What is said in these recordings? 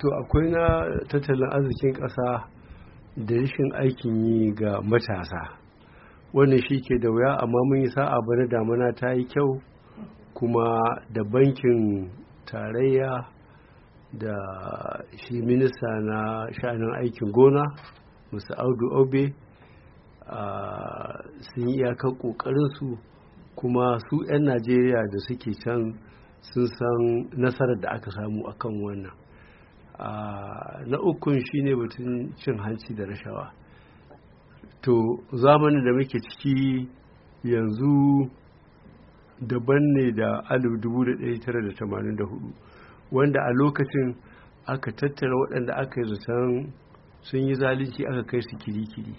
to akwai na tattalin arzikin ƙasa da rashin aikin yi ga matasa wannan shi ke da wuya amma mun yi sa'a bana damana ta yi kyau kuma da bankin tarayya da shi minista na sha'anin aikin gona musa audu obe sun yi iyakar ƙoƙarinsu kuma su 'yan najeriya da suke can sun san nasarar da aka samu akan wannan Ah, na ukun shi ne batun cin hanci da rashawa to zamanin da muke ciki yanzu daban ne da 1984 wanda a lokacin aka tattara waɗanda aka yi zaton sun yi zalunci aka kai su kiri-kiri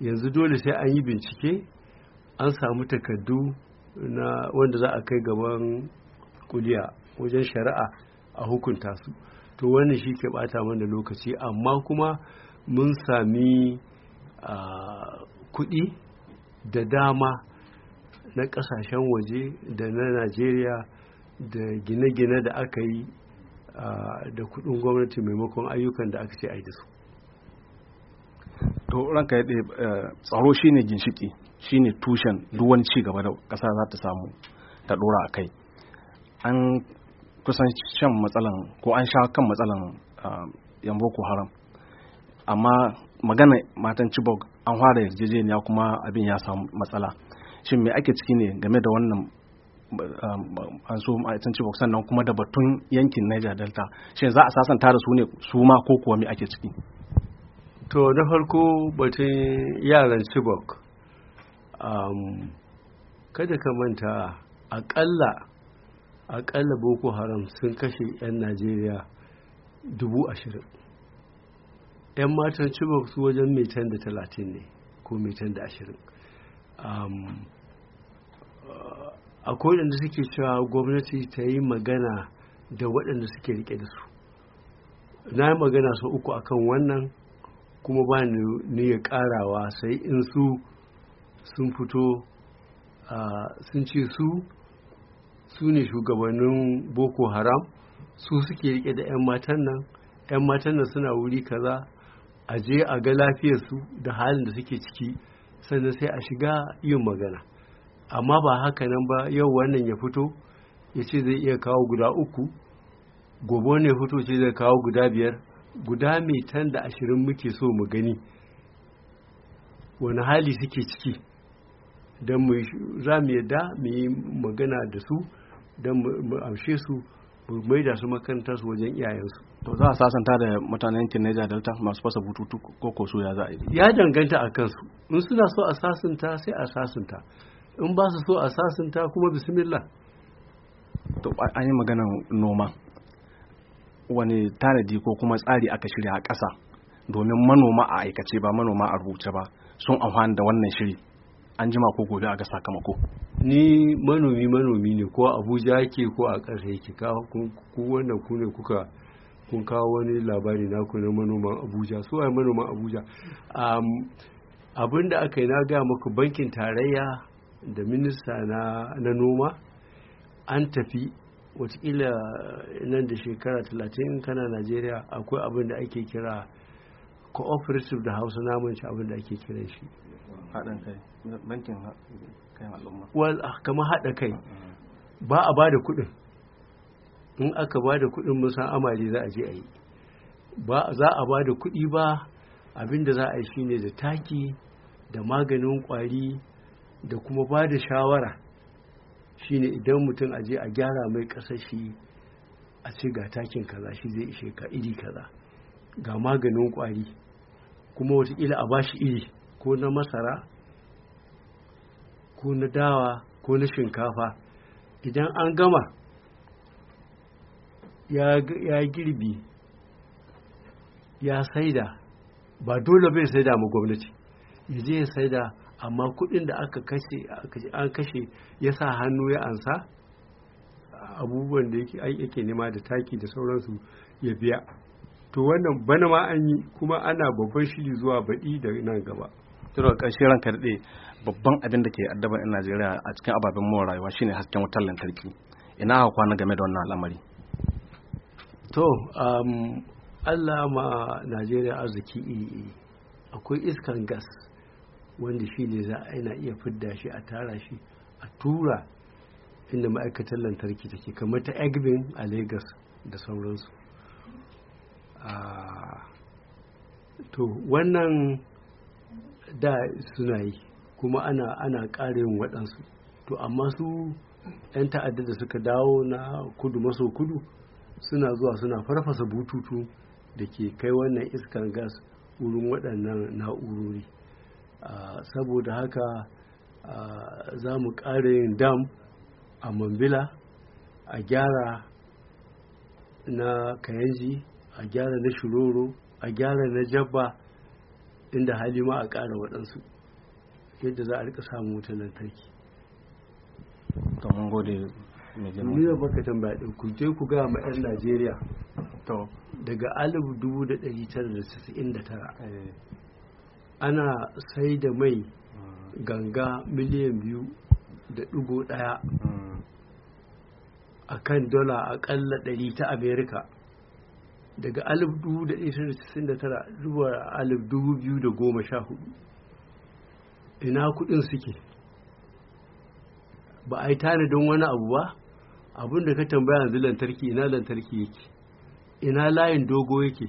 yanzu dole sai an yi bincike an samu takardu na wanda za a kai gaban kuliya wajen shari'a a hukunta su to wani shi ke bata mana lokaci amma kuma mun sami kuɗi da dama na ƙasashen waje da na najeriya da gine-gine da aka yi da kuɗin gwamnati maimakon ayyukan da aka ce a yi da su to ranka ya eh, tsaro shine ginshiki shine tushen duk ci gaba da ƙasa za ta samu ta ɗora a kai an kusan shan matsalan ko an sha kan matsalan yan boko haram amma magana matan chibok an fara yarjejeniya kuma abin ya samu matsala shin me ake ciki ne game da wannan an so ma'aikatan chibok sannan kuma da batun yankin niger delta shin za a sasanta da su ne su ma ko kuwa me ake ciki to na farko batun yaran chibok kada ka manta akalla akalla boko haram sun kashe 'yan najeriya dubu 'yan matan chibok su wajen metan da talatin ne ko metan da ashirin a da suke cewa gwamnati ta yi magana da waɗanda suke rike da su na yi magana sau uku akan wannan kuma ba ni ya ƙarawa sai in su sun fito sun ce su su ne shugabannin boko haram su suke rike da 'yan matan nan 'yan matan nan suna wuri kaza a je a ga lafiyar su da halin da suke ciki sannan sai a shiga yin magana amma ba haka nan ba yau wannan ya fito ya ce zai iya kawo guda uku gobe wannan ya fito ce zai kawo guda biyar guda mai tan da ashirin muke so mu gani wani hali suke ciki don mu za mu yadda mu yi magana da su don mu amshe su mu da su makaranta su wajen iyayensu to za a sasanta da mutanen yankin Niger Delta masu fasa bututu ko ko so ya za a yi ya danganta a kansu in suna so a sasanta sai a sasanta in ba su so a sasanta kuma bismillah to an yi maganar noma wani tanadi ko kuma tsari aka shirya a ƙasa domin manoma a aikace ba manoma a rubuce ba sun amfani da wannan shiri an jima ko gobe a ga sakamako ni manomi manomi ne ko abuja yake ko a ƙasa yake ku wannan ku ne kuka kun kawo wani labari na na manoman abuja su waye manoman abuja abinda da aka yi na gaya maka bankin tarayya da minista na noma an tafi watakila nan da shekara talatin kana najeriya akwai abin da ake kira cooperative da hausa namun abin da ake kiran shi haɗin kai ah, haɗa kai ba a da kuɗin in aka bada kuɗin musan amari za a je a yi ba za a ba da kuɗi ba abinda za a yi shi ne da taki da maganin ƙwari, da kuma ba da shawara shi ne idan mutum a je a gyara mai kasashi a ce ga takin kaza shi zai ishe ka iri kaza ga maganin ƙwari. kuma wataƙila a ba shi iri ko na masara ko na dawa ko na shinkafa idan an gama ya girbi ya saida ba dole bai saida ma gwamnati ya je ya saida amma kudin da aka kashe an kashe ya sa hannu ya ansa abubuwan da yake nema da taki da sauransu ya biya to wannan bana ma an yi kuma ana babban shiri zuwa baɗi da nan gaba tiro ƙarshe ranka daɗe babban abin da ke addaban 'yan najeriya a cikin ababen more rayuwa shine hasken wutar lantarki ina aka kwana game da wannan al'amari to um, allah ma najeriya arziki iri akwai iskan gas wanda shi ne za a iya fidda shi a tara shi a tura inda ma'aikatar lantarki take kamar ta egbin a lagos da sauransu ah, to wannan da suna yi kuma ana ana yin waɗansu to amma su 'yan ta'adda da suka dawo na kudu maso kudu suna zuwa suna farfasa bututu da ke kai wannan iskan gas wurin waɗannan na'urori saboda haka za mu ƙara yin dam a mambila a gyara na kayanji a gyara na shiroro a gyara na jabba inda hali ma a ƙara waɗansu yadda za a rika samun wutar lantarki to mun gode mai jama'a baka tambaya din ku je ku ga ma yan Najeriya to daga 1999 eh. ana sai da mai mm. ganga miliyan biyu da ɗigo ɗaya mm. a kan dola aƙalla ɗari ta amerika daga 1969 zuwa 2014 ina kudin suke ba a yi tare don wani abu ba abinda da ka tambaya yanzu lantarki ina lantarki yake ina layin dogo yake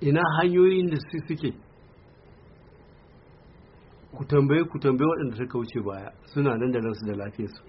ina hanyoyin da su suke ku tambaye ku tambaye waɗanda suka wuce baya suna nan da su da lafiyarsu